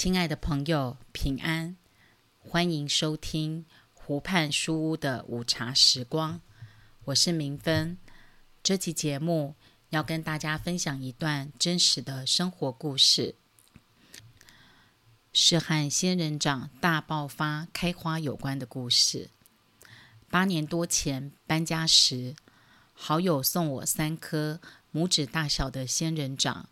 親愛的朋友，平安，歡迎收聽湖畔書屋的午茶時光，我是明芬。這期節目要跟大家分享一段真實的生活故事，是和仙人掌大爆發開花有關的故事。八年多前搬家時，好友送我三顆拇指大小的仙人掌，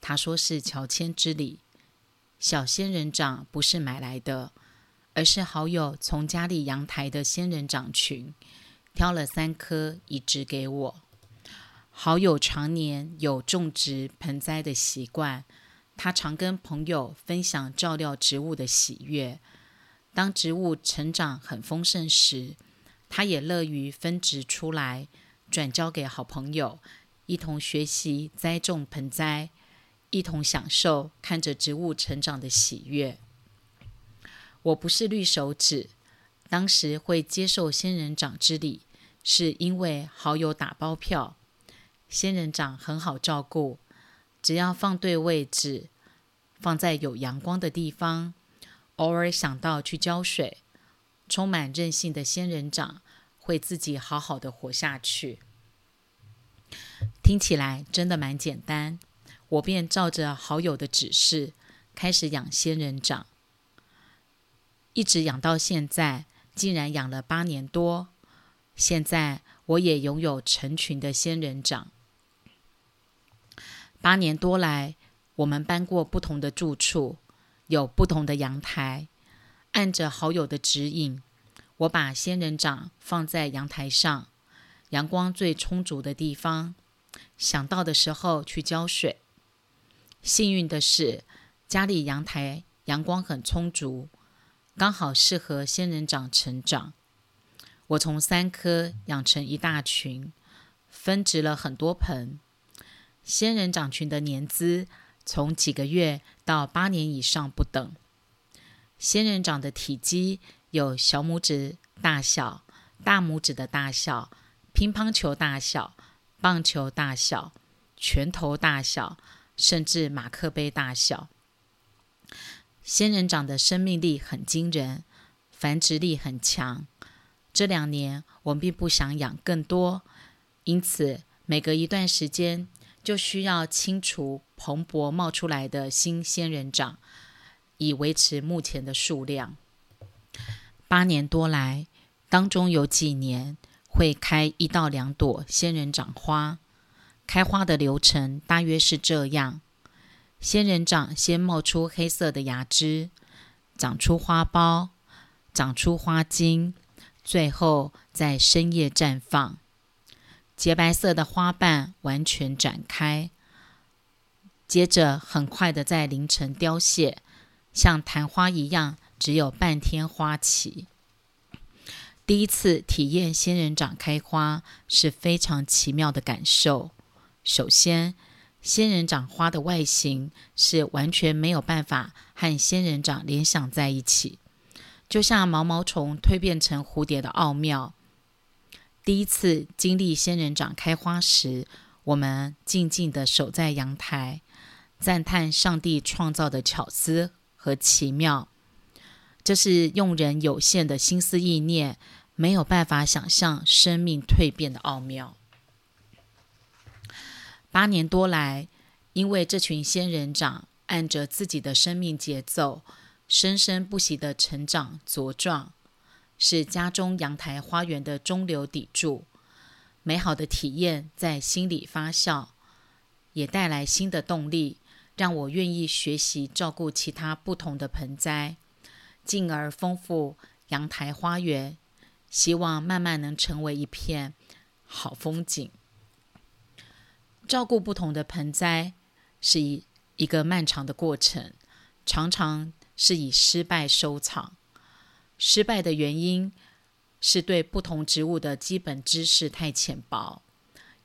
他說是喬遷之禮。小仙人掌不是買來的，而是好友從家裡陽台的仙人掌群挑了三棵移植給我。好友常年有種植盆栽的習慣，他常跟朋友分享照料植物的喜悅。當植物成長很豐盛時，他也樂於分植出來，轉交給好朋友，一同學習栽種盆栽。一同享受看着植物成長的喜悅。我不是綠手指，當時會接受仙人掌之禮，是因為好友打包票，仙人掌很好照顧，只要放對位置，放在有陽光的地方，偶爾想到去澆水，充滿韌性的仙人掌會自己好好的活下去。聽起來真的蠻簡單。我便照着好友的指示，開始養仙人掌，一直養到現在，竟然養了八年多。現在我也擁有成群的仙人掌。八年多來，我們搬過不同的住處，有不同的陽台。按着好友的指引，我把仙人掌放在陽台上，陽光最充足的地方，想到的時候去澆水。幸運的是，家裡陽台陽光很充足，剛好適合仙人掌成長。我從三棵養成一大群，分植了很多盆。仙人掌群的年資從幾個月到八年以上不等。仙人掌的體積有小拇指大小、大拇指的大小、乒乓球大小、棒球大小、拳頭大小。甚至馬克杯大小，仙人掌的生命力很驚人，繁殖力很強。這兩年我們並不想養更多，因此每隔一段時間就需要清除蓬勃冒出來的新仙人掌，以維持目前的數量。八年多來，當中有幾年會開一到兩朵仙人掌花。開花的流程大約是這樣：仙人掌先冒出黑色的芽枝，長出花苞，長出花莖，最後在深夜綻放。潔白色的花瓣完全展開，接着很快的在凌晨凋謝，像曇花一樣，只有半天花期。第一次體驗仙人掌開花是非常奇妙的感受。首先，仙人掌花的外形是完全沒有辦法和仙人掌聯想在一起，就像毛毛蟲蛻變成蝴蝶的奧妙。第一次經歷仙人掌開花時，我們靜靜地守在陽台，讚嘆上帝創造的巧思和奇妙。這是用人有限的心思意念，沒有辦法想象生命蛻變的奧妙。八年多來，因為這群仙人掌按着自己的生命節奏，生生不息地成長茁壯，是家中陽台花園的中流砥柱。美好的體驗在心裡發酵，也帶來新的動力，讓我願意學習照顧其他不同的盆栽，進而豐富陽台花園。希望慢慢能成為一片好風景。照顧不同的盆栽是一一個漫長的過程，常常是以失敗收場。失敗的原因是對不同植物的基本知識太淺薄，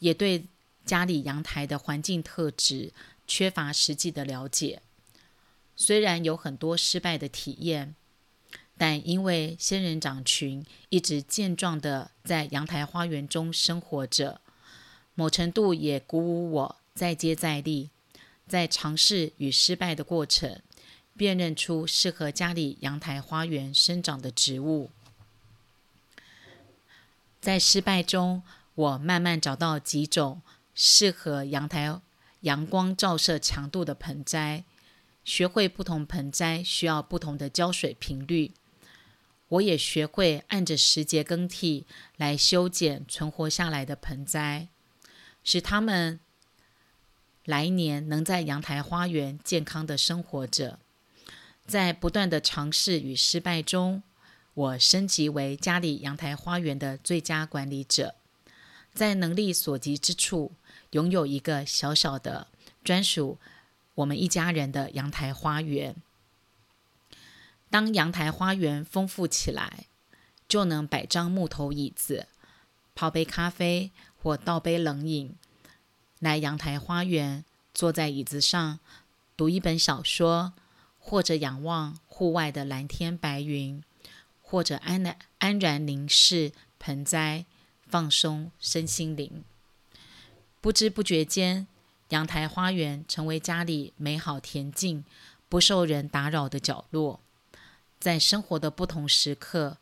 也對家裡陽台的環境特質缺乏實際的了解。雖然有很多失敗的體驗，但因為仙人掌群一直健壯的在陽台花園中生活着。某程度，也鼓舞我再接再厲，在嘗試與失敗的過程，辨認出適合家裡陽台花園生長的植物。在失敗中，我慢慢找到幾種適合陽台陽光照射強度的盆栽，學會不同盆栽需要不同的澆水頻率。我也學會按着時節更替來修剪存活下來的盆栽，使他們來年能在陽台花園健康的生活着。在不斷的嘗試與失敗中，我升級為家裡陽台花園的最佳管理者。在能力所及之處，擁有一個小小的專屬我們一家人的陽台花園。當陽台花園豐富起來，就能擺張木頭椅子，泡杯咖啡。或倒杯冷飲，來陽台花園，坐在椅子上讀一本小說，或者仰望戶外的藍天白雲，或者安然安然凝視盆栽，放鬆身心靈。不知不覺間，陽台花園成為家裡美好恬靜、不受人打擾的角落。在生活的不同時刻，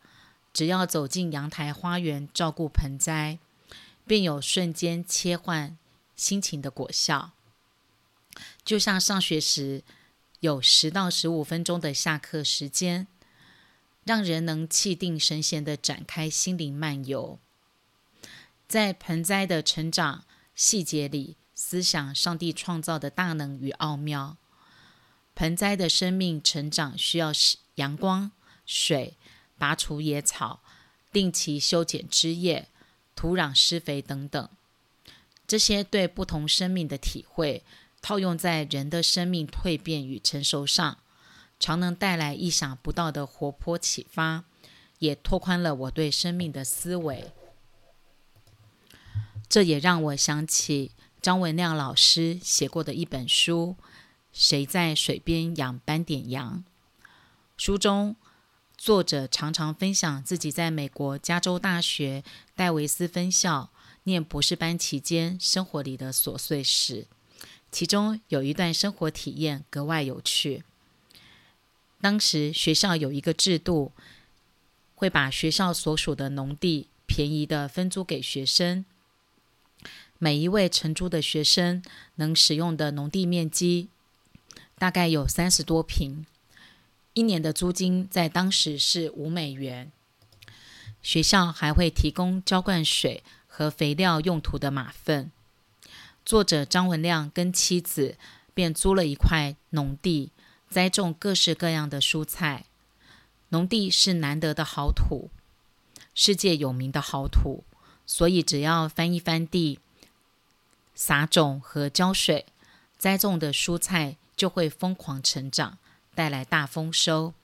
只要走進陽台花園，照顧盆栽。便有瞬間切換心情的果效，就像上學時有十到十五分鐘的下課時間，讓人能氣定神閒的展開心靈漫遊，在盆栽的成長細節裡，思想上帝創造的大能與奧妙。盆栽的生命成長需要陽光、水、拔除野草、定期修剪枝葉。土壤施肥等等，這些對不同生命的體會，套用在人的生命蛻變與成熟上，常能帶來意想不到的活潑啟發，也拓寬了我對生命的思維。這也讓我想起張文亮老師寫過的一本書《誰在水邊養斑點羊》，書中，作者常常分享自己在美國加州大學戴維斯分校念博士班期間生活裡的瑣碎事，其中有一段生活體驗格外有趣。當時學校有一個制度，會把學校所屬的農地便宜的分租給學生，每一位承租的學生能使用的農地面積大概有三十多平。一年的租金在當時是五美元。學校還會提供澆灌水和肥料用途的馬糞。作者張文亮跟妻子便租了一塊農地，栽種各式各樣的蔬菜。農地是難得的好土，世界有名的好土，所以只要翻一翻地、撒種和澆水，栽種的蔬菜就會瘋狂成長。帶來大豐收，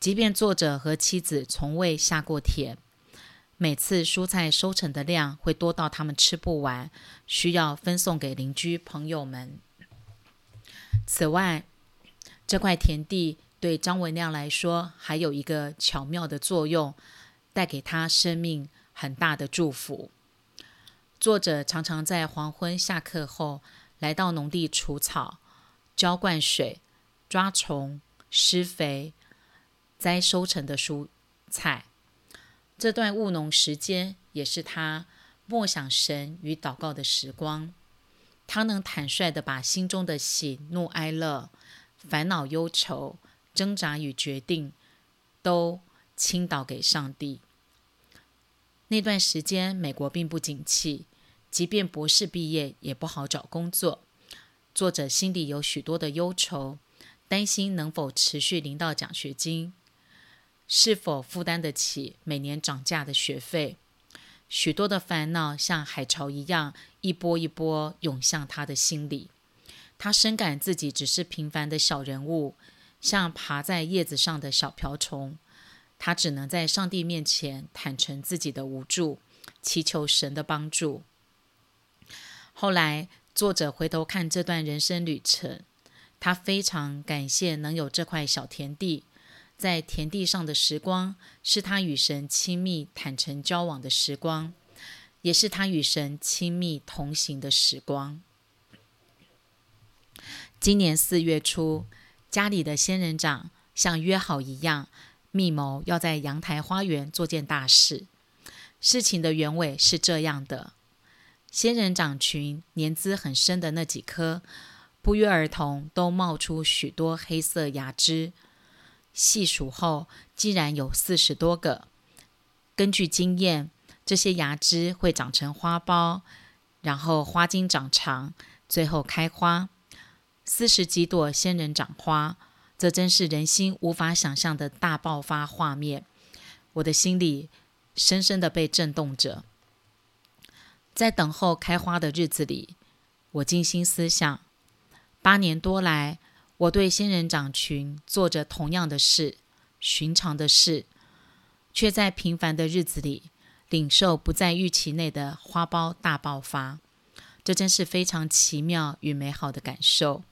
即便作者和妻子從未下過田，每次蔬菜收成的量會多到他們吃不完，需要分送給鄰居朋友們。此外，這塊田地對張文亮來說還有一個巧妙的作用，帶給他生命很大的祝福。作者常常在黃昏下課後來到農地除草、澆灌水。抓蟲、施肥、栽收成的蔬菜，這段務農時間也是他默想神與禱告的時光。他能坦率地把心中的喜怒哀樂、煩惱憂愁、掙扎與決定，都傾倒給上帝。那段時間，美國並不景氣，即便博士畢業也不好找工作。作者心裡有許多的憂愁。擔心能否持續領到獎學金，是否負擔得起每年漲價的學費，許多的煩惱像海潮一樣一波一波湧向他的心裡。他深感自己只是平凡的小人物，像爬在葉子上的小瓢蟲。他只能在上帝面前坦誠自己的無助，祈求神的幫助。後來，作者回頭看這段人生旅程。他非常感謝能有這塊小田地，在田地上的時光是他與神親密坦誠交往的時光，也是他與神親密同行的時光。今年四月初，家裡的仙人掌像約好一樣，密謀要在陽台花園做件大事。事情的原委是這樣的：仙人掌群年資很深的那幾棵，不約而同，都冒出許多黑色芽枝。細數後，竟然有四十多個。根據經驗，這些芽枝會長成花苞，然後花莖長長，最後開花。四十幾朵仙人掌花，這真是人心無法想象的大爆發畫面。我的心裡深深的被震動着。在等候開花的日子裡，我靜心思想。八年多來，我對仙人掌群做着同樣的事，尋常的事，卻在平凡的日子裡領受不在預期內的花苞大爆發。這真是非常奇妙與美好的感受。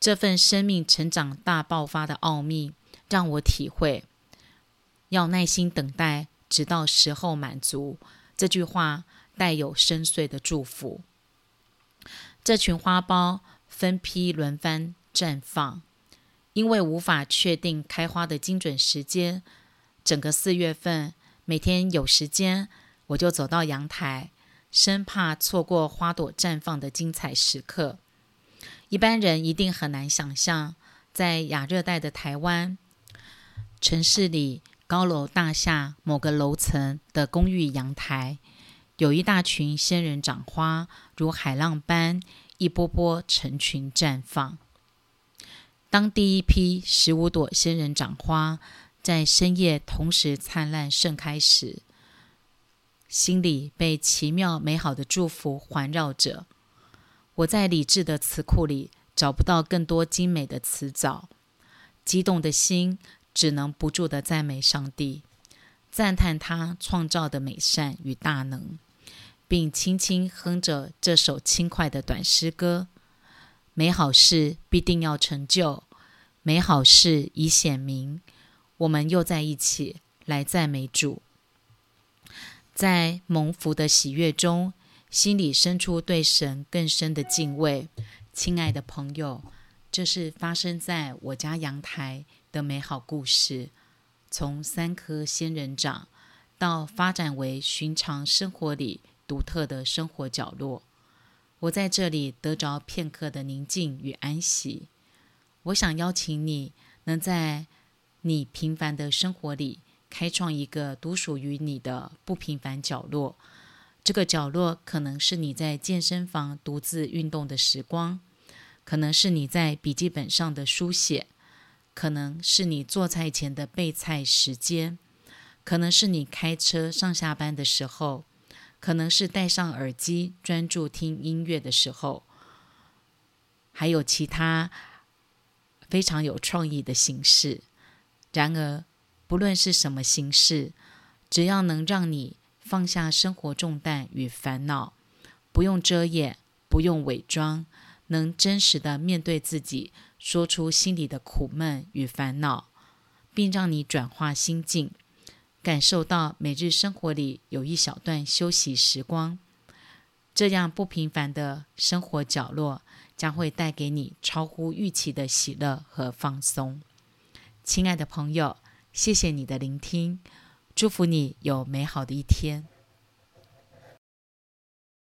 這份生命成長大爆發的奧秘，讓我體會要耐心等待，直到時候滿足。這句話帶有深邃的祝福。這群花苞。分批輪番綻放，因為無法確定開花的精準時間，整個四月份每天有時間，我就走到陽台，生怕錯過花朵綻放的精彩時刻。一般人一定很難想象，在亞熱帶的台灣城市裡，高樓大廈某個樓層的公寓陽台，有一大群仙人掌花如海浪般。一波波成群綻放。當第一批十五朵仙人掌花在深夜同時燦爛盛開時，心裡被奇妙美好的祝福環繞着。我在理智的詞庫裡找不到更多精美的詞藻，激動的心只能不住的讚美上帝，讚嘆他創造的美善與大能。並輕輕哼着這首輕快的短詩歌。美好事必定要成就，美好事已顯明，我們又在一起來讚美主。在蒙福的喜悅中，心裡生出對神更深的敬畏。親愛的朋友，這是發生在我家陽台的美好故事，從三棵仙人掌到發展為尋常生活裡。獨特的生活角落，我在這裡得着片刻的寧靜與安息。我想邀請你能在你平凡的生活裡開創一個獨屬於你的不平凡角落。這個角落可能是你在健身房獨自運動的時光，可能是你在筆記本上的書寫，可能是你做菜前的備菜時間，可能是你開車上下班的時候。可能是戴上耳機專注聽音樂的時候，還有其他非常有創意的形式。然而，不論是什麼形式，只要能讓你放下生活重擔與煩惱，不用遮掩，不用偽裝，能真實的面對自己，說出心裡的苦悶與煩惱，並讓你轉化心境。感受到每日生活裡有一小段休息時光，這樣不平凡的生活角落將會帶給你超乎預期的喜樂和放鬆。親愛的朋友，謝謝你的聆聽，祝福你有美好的一天。